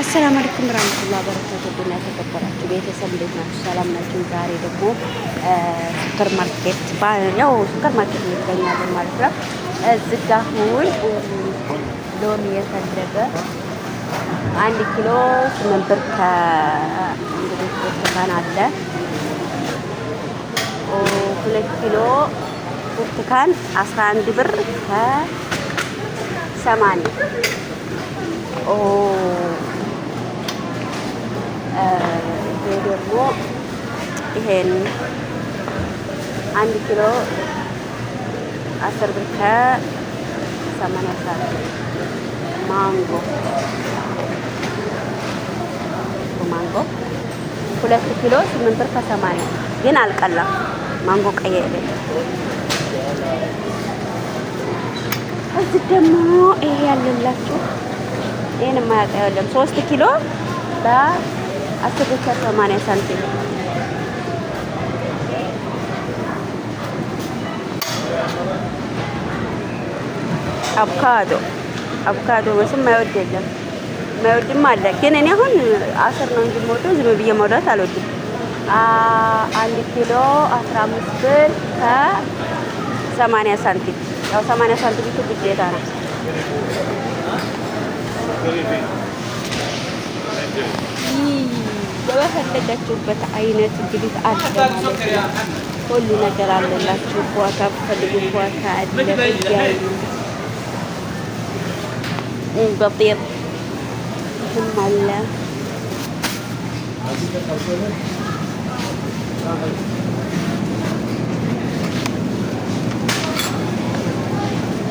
አሰላም አለይኩም ወራህመቱላሂ ወበረካቱህ። እና የተከበራችሁ ቤተሰብ እንዴት ናችሁ? ሰላም ናችሁ? ዛሬ ደግሞ ሱፐር ማርኬት ያው ሱፐር ማርኬት እንገኛለን ማለት ነው። እዚህ ጋ አሁን ሎሚ የፈለገ አንድ ኪሎ ስምንት ብር ከእንግዲህ ብርቱካን አለ። ሁለት ኪሎ ብርቱካን አስራ አንድ ብር ከሰማንያ ይሄ ደግሞ ይሄን አንድ ኪሎ አስር ብር ከሰማንያ ሳንቲም ማንጎ ማንጎ ሁለት ኪሎ ስምንት ብር ከሰማንያ ግን አልቀላም። ማንጎ ቀየ ይለኝ። እዚህ ደግሞ ይሄ ያለላችሁ ይህን የማያውቀው የለም ሶስት ኪሎ በ አስር ሊትር ሰማንያ ሳንቲም አቮካዶ አቮካዶ መስም የማይወድ የለም። የማይወድም አለ። ግን እኔ አሁን አስር ነው እንጂ የምወደው ዝም ብዬ መውዳት አልወድም። አንድ ኪሎ አስራ አምስት ብር ከሰማንያ ሳንቲም ያው ሰማንያ ሳንቲም ቱ ግዴታ ነው። በፈለጋችሁበት አይነት እንግዲህ አለ ማለት ነው። ሁሉ ነገር አለላችሁ። ቦታ ፈልጉ፣ ቦታ አለ እያሉ በጤር ሁም አለ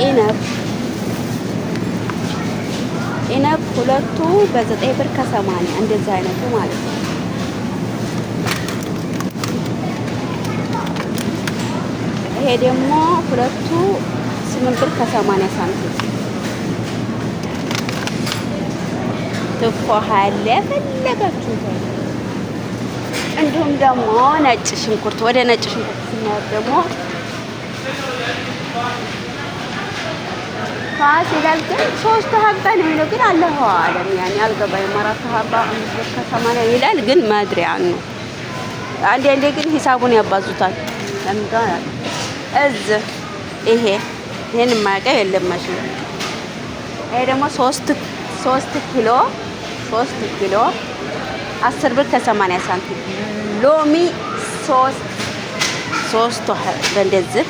ኢነብ ኢነብ ሁለቱ በዘጠኝ ብር ከሰማንያ እንደዚህ አይነቱ ማለት ነው። ይሄ ደግሞ ሁለቱ ስምንት ብር ከሰማንያ ሳንቲም ትፎ አለ የፈለጋችሁት። እንዲሁም ደግሞ ነጭ ሽንኩርት ወደ ነጭ ሽንኩርት ስናየው ደግሞ ይላል ግን ሶስት ሀባ ነው የሚለው ግን አለሁ አለም ያኔ አልገባኝም። አራት ሀባ አምስት ብር ከሰማንያ ይላል ግን መድሪያ ነው። አንዳንዴ ግን ሂሳቡን ያባዙታል ለምንድን ነው እዝ ይሄ ይሄን የማያውቀው የለም መቼም። ይሄ ደግሞ ሶስት ኪሎ ሶስት ኪሎ አስር ብር ከሰማንያ ሳንቲም ሎሚ ሶስት ሶስት በእንደዚህ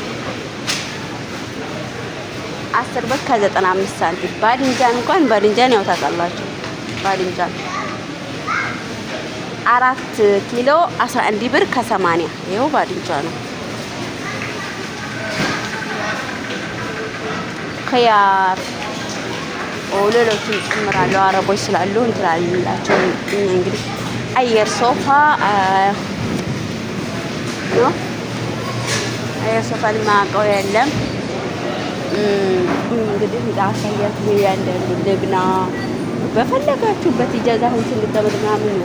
አስር ብር ከዘጠና አምስት ሳንቲም ባድንጃን እንኳን ባድንጃን ያው ታውቃላችሁ ባድንጃን አራት ኪሎ 11 አንድ ብር ከሰማንያ ይኸው ባድንጃ ነው። ከያፍ ሌሎችም ጭምራለሁ አረቦች ስላሉ እንትላላቸው እንግዲህ አየር ሶፋ ነው። አየር ሶፋ ልማቀው የለም እንግዲህ አሳያት ያለ ልብና በፈለጋችሁበት ኢጃዛ ሁን ስንቀመጥ ምናምን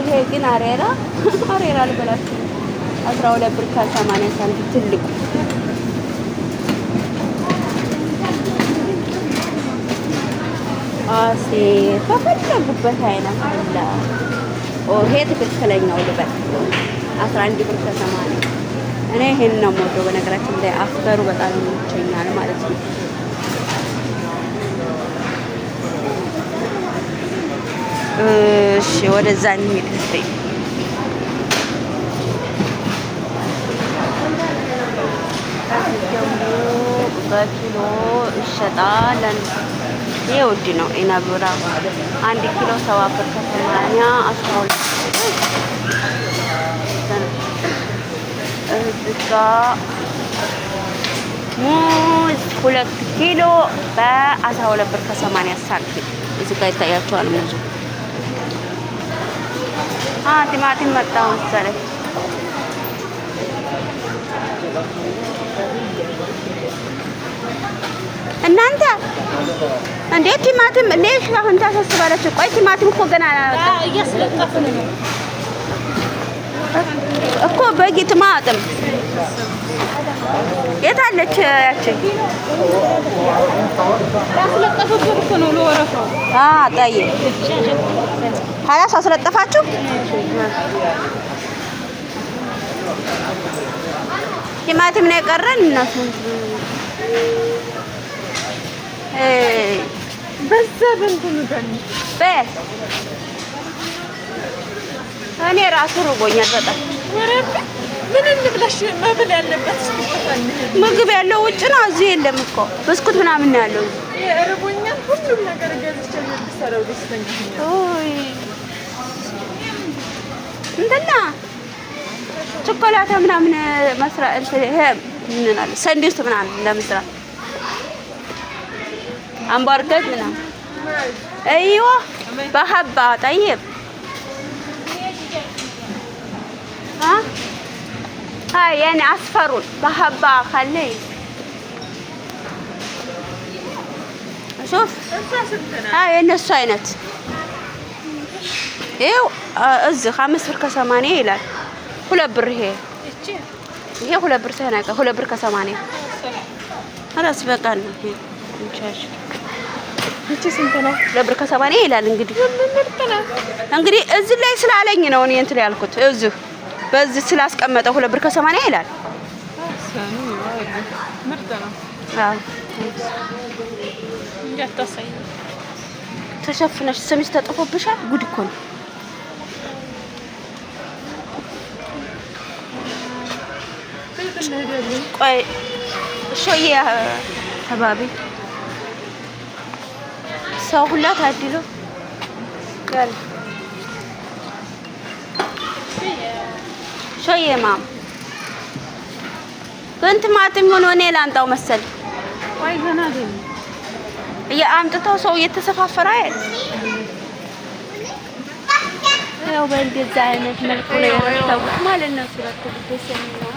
ይሄ ግን አሬራ አሬራ ልበላችሁ አስራ ሁለት ብር ከሰማንያ ሳንቲም ትልቁ ሴት በፈለጉበት አይነት አለ። ይሄ ትክክለኛው ልበት አስራ አንድ ብር ከሰማንያ እኔ ይሄን ነው የምወደው። በነገራችን ላይ አፍተሩ በጣም ይመቸኛል ማለት ነው። እሺ ወደዛ እንሂድ። በኪሎ ይሸጣል። ይሄ ውድ ነው። ኢናብራ አንድ ኪሎ ሰባ ብር ከሰማንያ አስራ ሁለት እዚህ ሙዝ ሁለት ኪሎ በአስራ ሁለት ብር ከሰማንያ ሳንቲም እዚህ ይታያቸዋል። ሙዙ ቲማቲም መጣ መሰለኝ እናንተ እንዴ ቲማቲም ሌሽ አሁን ታሳስባላችሁ። ቆይ ቲማቲም እኮ ገና እያስለጠፍን ነው እኮ በጊ ቲማቲም የት አለች ያቺ? ያስለጠፉበት እኮ ነው ለወረፋው። አ ጠይቅ አስለጠፋችሁ። ቲማቲም ነው የቀረን በዛ እኔ ራሱ ርቦኛል በጣም። ምን እንብላሽ? መብል ያለበት ምግብ ያለው ውጭ ነው፣ እዚህ የለም እኮ ብስኩት ምናምን ነው ያለው። ርቦኛል፣ ሁሉም ነገር ገዝቼ እንትና ቾኮላታ ምናምን መስራት እንትን ይሄ ምን እንላለን ሰንዲውስ ምናምን ለመስራት አንቧርገድ ምናምን እይዎ በሀባ ጠይብ ያኔ አስፈሩን በሀባ ካለ ሹፍ የእነሱ አይነት ይኸው እዚህ አምስት ብር ከሰማንያ ይላል። ሁለት ብር ይሄ ይሄ ሁለት ብር ተናቀ ሁለት ብር ከሰማንያ ራስ በቃ ነው። ይቺ ስንት ነው? ለብር ከሰባ ነው ይላል። እንግዲህ እንግዲህ እዚህ ላይ ስላለኝ ነው እኔ እንትን ያልኩት እዚህ በዚህ ስላስቀመጠው ሁለት ብር ከሰማንያ ይላል። ተሸፍነሽ ስምሽ ተጥፎብሻል። ጉድ እኮ ነው። ቆይ እሾዬ ሀባቢ ሰው ሁላ ታድሎ ሾዬ ማም ግን ቲማቲም ሆኖ እኔ ላምጣው መሰል አምጥተው ሰው እየተሰፋፈረ ያው አይነት መልኩ ነው ማለት ነው። የሚለው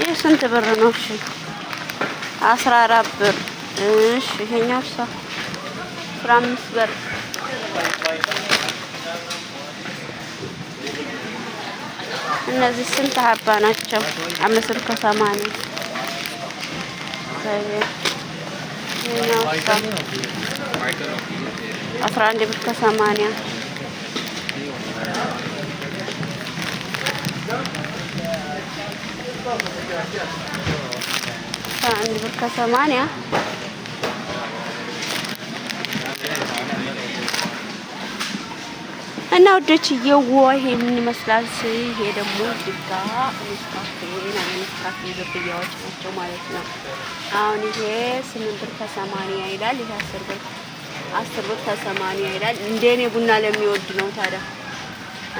ይህ ስንት ብር ነው? እሺ አስራ አራት ብር። እሺ ይሄኛው አስራ አምስት ብር እነዚህ ስንት ሀባ ናቸው? አምስት ብር ከሰማንያ አስራ አንድ ብር ከሰማንያ አንድ ብር ከሰማንያ እና ወዶች እየዋ ይሄን ይመስላል። ይሄ ደግሞ ድጋ ዝርያዎች ናቸው ማለት ነው። አሁን ይሄ ስምንት ብር ከሰማንያ ይላል። ይሄ አስር ብር አስር ብር ከሰማንያ ይላል። እንደኔ ቡና ለሚወድ ነው ታዲያ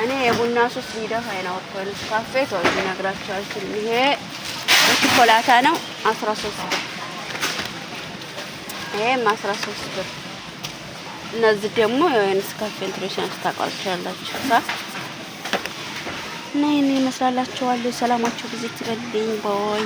እኔ የቡና ሶስ ሊደፋኝ ነው። ፖሊስ ካፌ ሰው ሊነግራቸው አልችልም። ይሄ ቾኮላታ ነው 13 ብር፣ ይሄም 13 ብር። እነዚህ ደግሞ የኔስካፌ ኢንትሬሽን ታውቋቸዋላችሁ። ሳ እና ይህን ይመስላላችኋል። ሰላማችሁ ጊዜ ትበልኝ ቦይ